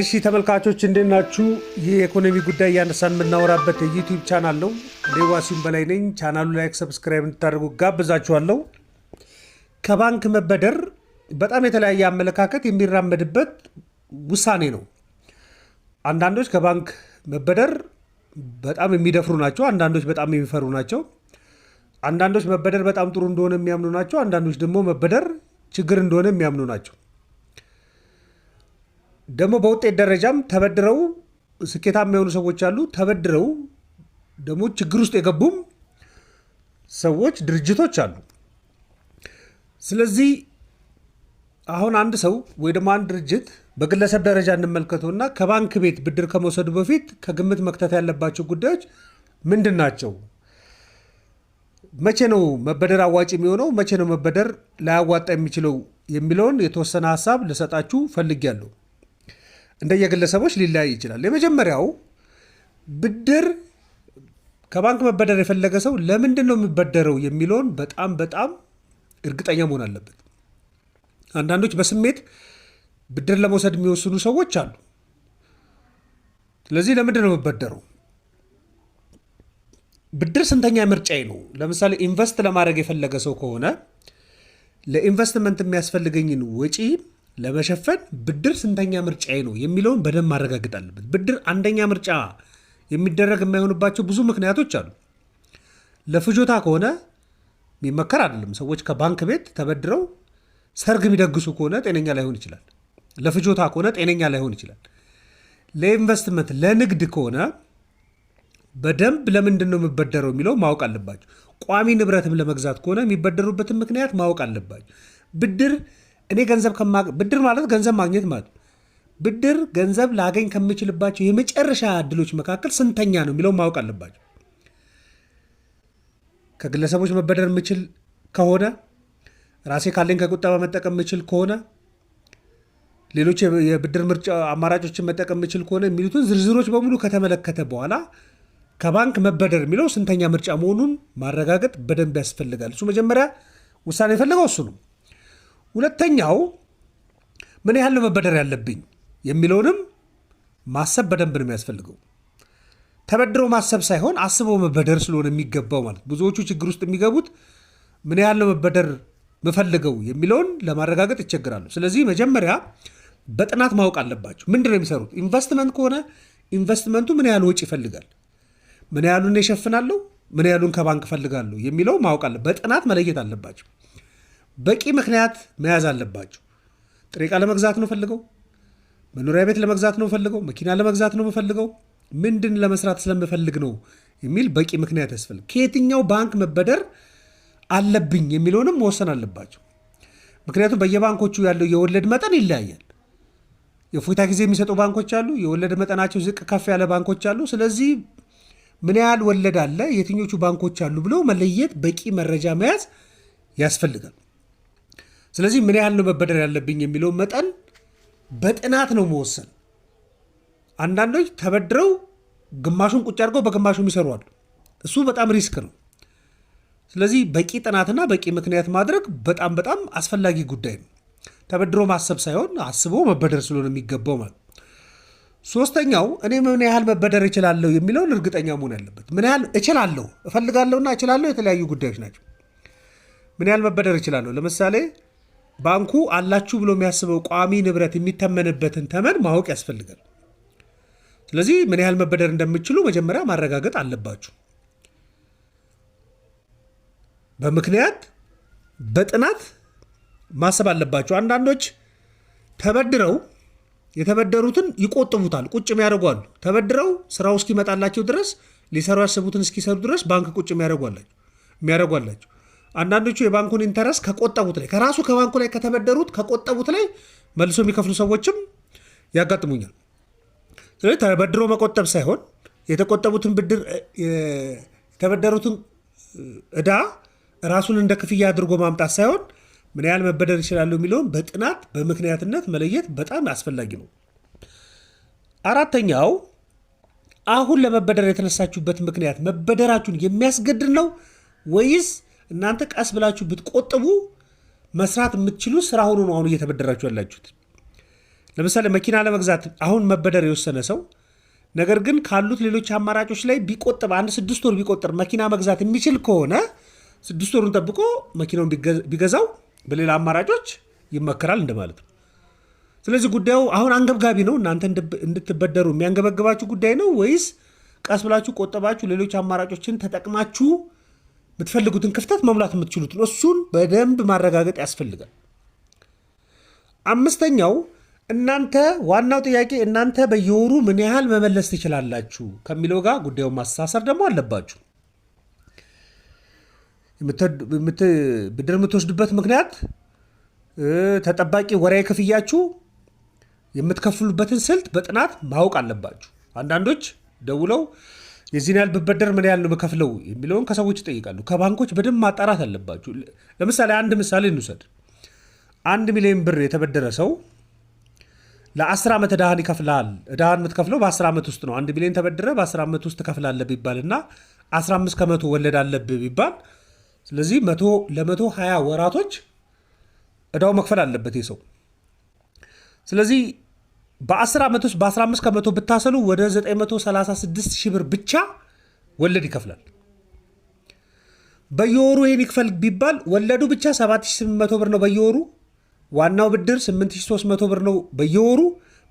እሺ ተመልካቾች እንዴናችሁ? ይህ የኢኮኖሚ ጉዳይ እያነሳን የምናወራበት የዩቲዩብ ቻናል ነው። እኔ ዋሲሁን በላይ ነኝ። ቻናሉ ላይክ፣ ሰብስክራይብ እንድታደርጉ ጋብዛችኋለሁ። ከባንክ መበደር በጣም የተለያየ አመለካከት የሚራመድበት ውሳኔ ነው። አንዳንዶች ከባንክ መበደር በጣም የሚደፍሩ ናቸው። አንዳንዶች በጣም የሚፈሩ ናቸው። አንዳንዶች መበደር በጣም ጥሩ እንደሆነ የሚያምኑ ናቸው። አንዳንዶች ደግሞ መበደር ችግር እንደሆነ የሚያምኑ ናቸው። ደግሞ በውጤት ደረጃም ተበድረው ስኬታማ የሆኑ ሰዎች አሉ። ተበድረው ደግሞ ችግር ውስጥ የገቡም ሰዎች፣ ድርጅቶች አሉ። ስለዚህ አሁን አንድ ሰው ወይ ደግሞ አንድ ድርጅት በግለሰብ ደረጃ እንመልከተውና ከባንክ ቤት ብድር ከመውሰዱ በፊት ከግምት መክተት ያለባቸው ጉዳዮች ምንድን ናቸው? መቼ ነው መበደር አዋጭ የሚሆነው፣ መቼ ነው መበደር ላያዋጣ የሚችለው የሚለውን የተወሰነ ሀሳብ ልሰጣችሁ ፈልጌያለሁ። እንደየግለሰቦች ሊለያይ ይችላል። የመጀመሪያው ብድር ከባንክ መበደር የፈለገ ሰው ለምንድን ነው የሚበደረው የሚለውን በጣም በጣም እርግጠኛ መሆን አለበት። አንዳንዶች በስሜት ብድር ለመውሰድ የሚወስኑ ሰዎች አሉ። ስለዚህ ለምንድን ነው የሚበደረው ብድር ስንተኛ ምርጫዬ ነው። ለምሳሌ ኢንቨስት ለማድረግ የፈለገ ሰው ከሆነ ለኢንቨስትመንት የሚያስፈልገኝን ወጪ ለመሸፈን ብድር ስንተኛ ምርጫዬ ነው የሚለውን በደንብ ማረጋገጥ አለበት። ብድር አንደኛ ምርጫ የሚደረግ የማይሆንባቸው ብዙ ምክንያቶች አሉ። ለፍጆታ ከሆነ የሚመከር አይደለም። ሰዎች ከባንክ ቤት ተበድረው ሰርግ የሚደግሱ ከሆነ ጤነኛ ላይሆን ይችላል። ለፍጆታ ከሆነ ጤነኛ ላይሆን ይችላል። ለኢንቨስትመንት ለንግድ ከሆነ በደንብ ለምንድን ነው የሚበደረው የሚለው ማወቅ አለባቸው። ቋሚ ንብረትም ለመግዛት ከሆነ የሚበደሩበትን ምክንያት ማወቅ አለባቸው። ብድር እኔ ገንዘብ ብድር ማለት ገንዘብ ማግኘት ማለት ብድር ገንዘብ ላገኝ ከምችልባቸው የመጨረሻ እድሎች መካከል ስንተኛ ነው የሚለው ማወቅ አለባቸው። ከግለሰቦች መበደር የምችል ከሆነ ራሴ ካለኝ ከቁጠባ መጠቀም የምችል ከሆነ ሌሎች የብድር ምርጫ አማራጮችን መጠቀም የምችል ከሆነ የሚሉትን ዝርዝሮች በሙሉ ከተመለከተ በኋላ ከባንክ መበደር የሚለው ስንተኛ ምርጫ መሆኑን ማረጋገጥ በደንብ ያስፈልጋል። እሱ መጀመሪያ ውሳኔ የፈለገው እሱ ነው። ሁለተኛው ምን ያህል መበደር ያለብኝ የሚለውንም ማሰብ በደንብ ነው የሚያስፈልገው። ተበድሮ ማሰብ ሳይሆን አስቦ መበደር ስለሆነ የሚገባው ማለት ብዙዎቹ ችግር ውስጥ የሚገቡት ምን ያህል መበደር ምፈልገው የሚለውን ለማረጋገጥ ይቸግራሉ። ስለዚህ መጀመሪያ በጥናት ማወቅ አለባቸው። ምንድን ነው የሚሰሩት? ኢንቨስትመንት ከሆነ ኢንቨስትመንቱ ምን ያህል ወጪ ይፈልጋል ምን ያሉን የሸፍናለሁ፣ ምን ያሉን ከባንክ ፈልጋለሁ የሚለው ማወቅ አለ። በጥናት መለየት አለባቸው። በቂ ምክንያት መያዝ አለባቸው። ጥሬ ዕቃ ለመግዛት ነው ፈልገው፣ መኖሪያ ቤት ለመግዛት ነው ፈልገው፣ መኪና ለመግዛት ነው ፈልገው፣ ምንድን ለመስራት ስለምፈልግ ነው የሚል በቂ ምክንያት ያስፈልግ። ከየትኛው ባንክ መበደር አለብኝ የሚለውንም መወሰን አለባቸው። ምክንያቱም በየባንኮቹ ያለው የወለድ መጠን ይለያያል። የእፎይታ ጊዜ የሚሰጡ ባንኮች አሉ። የወለድ መጠናቸው ዝቅ ከፍ ያለ ባንኮች አሉ። ስለዚህ ምን ያህል ወለድ አለ፣ የትኞቹ ባንኮች አሉ ብሎ መለየት በቂ መረጃ መያዝ ያስፈልጋል። ስለዚህ ምን ያህል ነው መበደር ያለብኝ የሚለውን መጠን በጥናት ነው መወሰን። አንዳንዶች ተበድረው ግማሹን ቁጭ አድርገው የሚሰሩ አሉ። እሱ በጣም ሪስክ ነው። ስለዚህ በቂ ጥናትና በቂ ምክንያት ማድረግ በጣም በጣም አስፈላጊ ጉዳይ ነው። ተበድሮ ማሰብ ሳይሆን አስቦ መበደር ስለሆነ የሚገባው ማለት ሶስተኛው እኔ ምን ያህል መበደር እችላለሁ የሚለውን እርግጠኛ መሆን ያለበት ምን ያህል እችላለሁ እፈልጋለሁና እችላለሁ የተለያዩ ጉዳዮች ናቸው። ምን ያህል መበደር እችላለሁ፣ ለምሳሌ ባንኩ አላችሁ ብሎ የሚያስበው ቋሚ ንብረት የሚተመንበትን ተመን ማወቅ ያስፈልጋል። ስለዚህ ምን ያህል መበደር እንደምችሉ መጀመሪያ ማረጋገጥ አለባችሁ። በምክንያት በጥናት ማሰብ አለባችሁ። አንዳንዶች ተበድረው የተበደሩትን ይቆጥቡታል፣ ቁጭ ያደርጓሉ ተበድረው ስራው እስኪመጣላቸው ድረስ ሊሰሩ ያሰቡትን እስኪሰሩ ድረስ ባንክ ቁጭ የሚያደርጓላቸው። አንዳንዶቹ የባንኩን ኢንተረስት ከቆጠቡት ላይ ከራሱ ከባንኩ ላይ ከተበደሩት ከቆጠቡት ላይ መልሶ የሚከፍሉ ሰዎችም ያጋጥሙኛል። ስለዚህ ተበድሮ መቆጠብ ሳይሆን የተቆጠቡትን ብድር የተበደሩትን እዳ ራሱን እንደ ክፍያ አድርጎ ማምጣት ሳይሆን ምን ያህል መበደር ይችላሉ የሚለውን በጥናት በምክንያትነት መለየት በጣም አስፈላጊ ነው። አራተኛው አሁን ለመበደር የተነሳችሁበት ምክንያት መበደራችሁን የሚያስገድድ ነው ወይስ እናንተ ቀስ ብላችሁ ብትቆጥቡ መስራት የምትችሉ ስራ ሆኖ ነው አሁን እየተበደራችሁ ያላችሁት? ለምሳሌ መኪና ለመግዛት አሁን መበደር የወሰነ ሰው ነገር ግን ካሉት ሌሎች አማራጮች ላይ ቢቆጥብ አንድ ስድስት ወር ቢቆጥር መኪና መግዛት የሚችል ከሆነ ስድስት ወሩን ጠብቆ መኪናውን ቢገዛው በሌላ አማራጮች ይመከራል እንደማለት ነው። ስለዚህ ጉዳዩ አሁን አንገብጋቢ ነው። እናንተ እንድትበደሩ የሚያንገበግባችሁ ጉዳይ ነው ወይስ ቀስ ብላችሁ ቆጠባችሁ ሌሎች አማራጮችን ተጠቅማችሁ የምትፈልጉትን ክፍተት መሙላት የምትችሉት ነው? እሱን በደንብ ማረጋገጥ ያስፈልጋል። አምስተኛው እናንተ ዋናው ጥያቄ እናንተ በየወሩ ምን ያህል መመለስ ትችላላችሁ ከሚለው ጋር ጉዳዩን ማስተሳሰር ደግሞ አለባችሁ። ብድር የምትወስዱበት ምክንያት ተጠባቂ ወርሃዊ ክፍያችሁ የምትከፍሉበትን ስልት በጥናት ማወቅ አለባችሁ። አንዳንዶች ደውለው የዚህን ያህል ብበደር ምን ያህል ነው መከፍለው የሚለውን ከሰዎች ይጠይቃሉ። ከባንኮች በደንብ ማጣራት አለባችሁ። ለምሳሌ አንድ ምሳሌ እንውሰድ። አንድ ሚሊዮን ብር የተበደረ ሰው ለአስር ዓመት ዕዳህን ይከፍልሃል። ዕዳህን የምትከፍለው በአስር ዓመት ውስጥ ነው። አንድ ሚሊዮን ተበድረ በአስር ዓመት ውስጥ ትከፍላለህ ቢባል እና አስራ አምስት ከመቶ ወለድ አለብህ ቢባል ስለዚህ ለመቶ ሀያ ወራቶች እዳው መክፈል አለበት ይህ ሰው። ስለዚህ በ10 ዓመት ውስጥ በ15 ከመቶ ብታሰሉ ወደ 936 ሺህ ብር ብቻ ወለድ ይከፍላል። በየወሩ ይህን ይክፈል ቢባል ወለዱ ብቻ 7800 ብር ነው በየወሩ። ዋናው ብድር 8300 ብር ነው በየወሩ።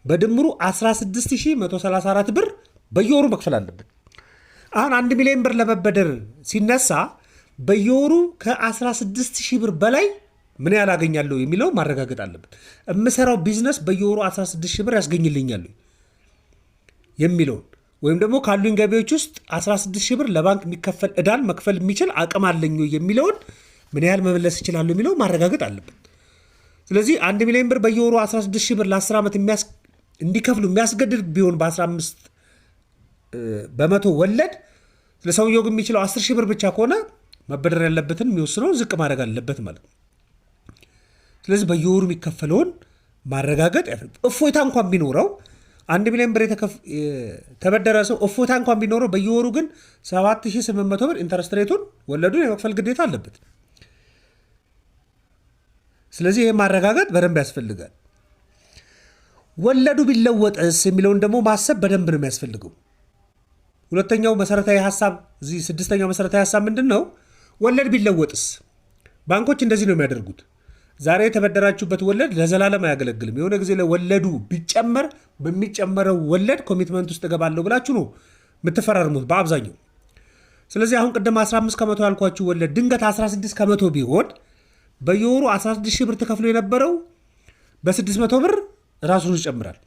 በድምሩ 16134 ብር በየወሩ መክፈል አለበት። አሁን አንድ ሚሊዮን ብር ለመበደር ሲነሳ በየወሩ ከ16 ሺህ ብር በላይ ምን ያህል አገኛለሁ የሚለው ማረጋገጥ አለበት። የምሰራው ቢዝነስ በየወሩ 16 ሺህ ብር ያስገኝልኛሉ የሚለውን ወይም ደግሞ ካሉኝ ገቢዎች ውስጥ 16 ሺህ ብር ለባንክ የሚከፈል እዳን መክፈል የሚችል አቅም አለኝ የሚለውን ምን ያህል መመለስ ይችላሉ የሚለው ማረጋገጥ አለበት። ስለዚህ አንድ ሚሊዮን ብር በየወሩ 16 ሺህ ብር ለ10 ዓመት እንዲከፍሉ የሚያስገድድ ቢሆን በ15 በመቶ ወለድ ለሰውየው ግን የሚችለው 10 ሺህ ብር ብቻ ከሆነ መበደር ያለበትን የሚወስነውን ዝቅ ማድረግ አለበት ማለት ነው። ስለዚህ በየወሩ የሚከፈለውን ማረጋገጥ እፎይታ እንኳን ቢኖረው አንድ ሚሊዮን ብር የተበደረ ሰው እፎይታ እንኳን ቢኖረው በየወሩ ግን 7800 ብር ኢንተረስት ሬቱን ወለዱን የመክፈል ግዴታ አለበት። ስለዚህ ይህ ማረጋገጥ በደንብ ያስፈልጋል። ወለዱ ቢለወጥስ የሚለውን ደግሞ ማሰብ በደንብ ነው የሚያስፈልገው። ሁለተኛው መሰረታዊ ሀሳብ እዚህ ስድስተኛው መሰረታዊ ሀሳብ ምንድን ነው? ወለድ ቢለወጥስ? ባንኮች እንደዚህ ነው የሚያደርጉት። ዛሬ የተበደራችሁበት ወለድ ለዘላለም አያገለግልም። የሆነ ጊዜ ለወለዱ ቢጨመር በሚጨመረው ወለድ ኮሚትመንት ውስጥ እገባለሁ ብላችሁ ነው የምትፈራርሙት በአብዛኛው። ስለዚህ አሁን ቅድም 15 ከመቶ ያልኳችሁ ወለድ ድንገት 16 ከመቶ ቢሆን በየወሩ 16 ሺህ ብር ተከፍሎ የነበረው በ600 ብር ራሱን ይጨምራል።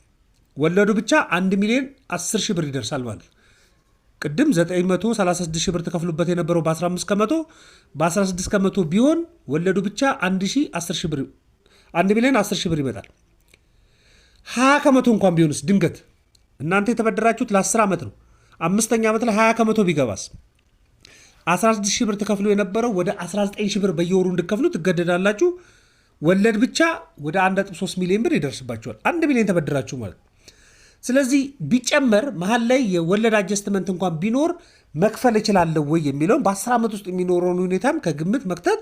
ወለዱ ብቻ 1 ሚሊዮን 10 ሺህ ብር ይደርሳል ማለት ነው። ቅድም 936 ሺህ ብር ተከፍሉበት የነበረው በ15 ከመቶ በ16 ከመቶ ቢሆን ወለዱ ብቻ 1 1 ሚሊዮን 10 ሺህ ብር ይመጣል። 20 ከመቶ እንኳን ቢሆንስ ድንገት እናንተ የተበደራችሁት ለ10 ዓመት ነው። አምስተኛ ዓመት ላይ 20 ከመቶ ቢገባስ 16 ሺህ ብር ተከፍሎ የነበረው ወደ 19 ሺህ ብር በየወሩ እንድከፍሉ ትገደዳላችሁ። ወለድ ብቻ ወደ 1.3 ሚሊዮን ብር ይደርስባችኋል። 1 ሚሊዮን ተበድራችሁ ማለት ነው። ስለዚህ ቢጨመር መሀል ላይ የወለድ አጀስትመንት እንኳን ቢኖር መክፈል እችላለሁ ወይ የሚለውን በአስር ዓመት ውስጥ የሚኖረውን ሁኔታም ከግምት መክተት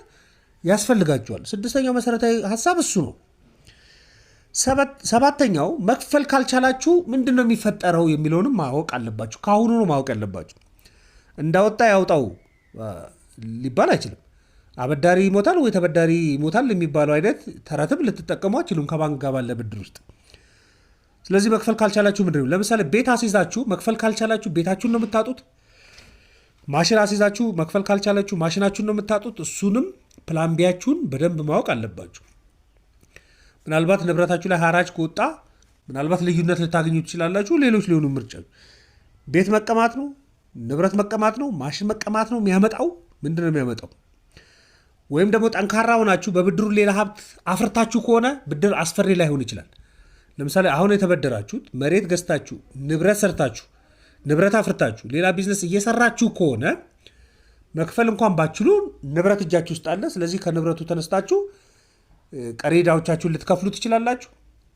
ያስፈልጋቸዋል። ስድስተኛው መሰረታዊ ሀሳብ እሱ ነው። ሰባተኛው መክፈል ካልቻላችሁ ምንድን ነው የሚፈጠረው የሚለውንም ማወቅ አለባችሁ። ከአሁኑ ነው ማወቅ ያለባችሁ። እንዳወጣ ያውጣው ሊባል አይችልም። አበዳሪ ይሞታል ወይ ተበዳሪ ይሞታል የሚባለው አይነት ተረትም ልትጠቀሙ አችሉም ከባንክ ጋር ባለ ብድር ውስጥ ስለዚህ መክፈል ካልቻላችሁ ምንድን ነው ለምሳሌ ቤት አስይዛችሁ መክፈል ካልቻላችሁ ቤታችሁን ነው የምታጡት። ማሽን አስይዛችሁ መክፈል ካልቻላችሁ ማሽናችሁን ነው የምታጡት። እሱንም ፕላን ቢያችሁን በደንብ ማወቅ አለባችሁ። ምናልባት ንብረታችሁ ላይ ሀራጅ ከወጣ ምናልባት ልዩነት ልታገኙ ትችላላችሁ። ሌሎች ሊሆኑ ምርጫ ቤት መቀማት ነው፣ ንብረት መቀማት ነው፣ ማሽን መቀማት ነው። የሚያመጣው ምንድን ነው የሚያመጣው? ወይም ደግሞ ጠንካራ ሆናችሁ በብድሩ ሌላ ሀብት አፍርታችሁ ከሆነ ብድር አስፈሪ ላይሆን ይችላል። ለምሳሌ አሁን የተበደራችሁት መሬት ገዝታችሁ ንብረት ሰርታችሁ ንብረት አፍርታችሁ ሌላ ቢዝነስ እየሰራችሁ ከሆነ መክፈል እንኳን ባችሉ ንብረት እጃችሁ ውስጥ አለ። ስለዚህ ከንብረቱ ተነስታችሁ ቀሪ ዕዳዎቻችሁን ልትከፍሉ ትችላላችሁ።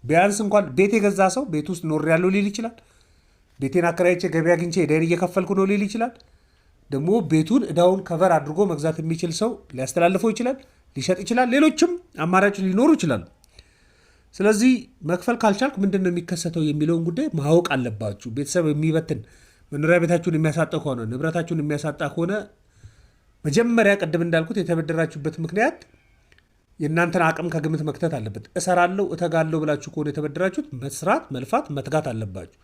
ቢያንስ እንኳን ቤት የገዛ ሰው ቤት ውስጥ ኖር ያለው ሊል ይችላል። ቤቴን አከራይቼ ገቢ አግኝቼ ዕዳዬን እየከፈልኩ ነው ሊል ይችላል። ደግሞ ቤቱን ዕዳውን ከቨር አድርጎ መግዛት የሚችል ሰው ሊያስተላልፈው ይችላል፣ ሊሸጥ ይችላል። ሌሎችም አማራጭ ሊኖሩ ይችላሉ። ስለዚህ መክፈል ካልቻልኩ ምንድን ነው የሚከሰተው የሚለውን ጉዳይ ማወቅ አለባችሁ። ቤተሰብ የሚበትን መኖሪያ ቤታችሁን የሚያሳጣ ከሆነ ንብረታችሁን የሚያሳጣ ከሆነ መጀመሪያ ቅድም እንዳልኩት የተበደራችሁበት ምክንያት የእናንተን አቅም ከግምት መክተት አለበት። እሰራለሁ እተጋለሁ ብላችሁ ከሆነ የተበደራችሁት መስራት፣ መልፋት፣ መትጋት አለባችሁ።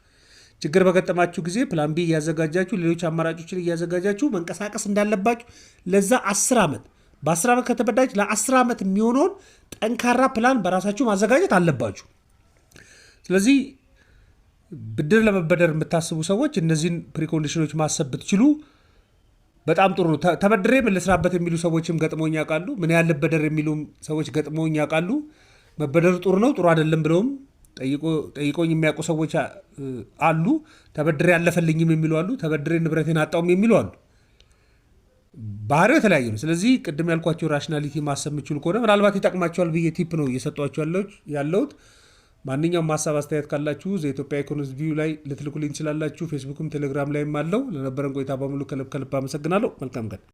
ችግር በገጠማችሁ ጊዜ ፕላን ቢ እያዘጋጃችሁ፣ ሌሎች አማራጮችን እያዘጋጃችሁ መንቀሳቀስ እንዳለባችሁ ለዛ አስር ዓመት በ10 ዓመት ከተበዳጅ ለ10 ዓመት የሚሆነውን ጠንካራ ፕላን በራሳችሁ ማዘጋጀት አለባችሁ። ስለዚህ ብድር ለመበደር የምታስቡ ሰዎች እነዚህን ፕሪኮንዲሽኖች ማሰብ ብትችሉ በጣም ጥሩ ነው። ተበድሬ ምን ልስራበት የሚሉ ሰዎችም ገጥሞኝ ያውቃሉ። ምን ያህል በደር የሚሉ ሰዎች ገጥሞኝ ያውቃሉ። መበደሩ ጥሩ ነው ጥሩ አይደለም ብለውም ጠይቆኝ የሚያውቁ ሰዎች አሉ። ተበድሬ ያለፈልኝም የሚሉ አሉ። ተበድሬ ንብረቴን አጣውም የሚሉ አሉ። ባህሪው የተለያየ ነው። ስለዚህ ቅድም ያልኳቸው ራሽናሊቲ ማሰብ የምችሉ ከሆነ ምናልባት ይጠቅማቸዋል ብዬ ቲፕ ነው እየሰጧቸው ያለሁት። ማንኛውም ሀሳብ አስተያየት ካላችሁ ዘኢትዮጵያ ኢትዮጵያ ኢኮኖሚስት ቪው ላይ ልትልኩልኝ ትችላላችሁ። ፌስቡክም ቴሌግራም ላይም አለው። ለነበረን ቆይታ በሙሉ ከልብ ከልብ አመሰግናለሁ። መልካም ቀን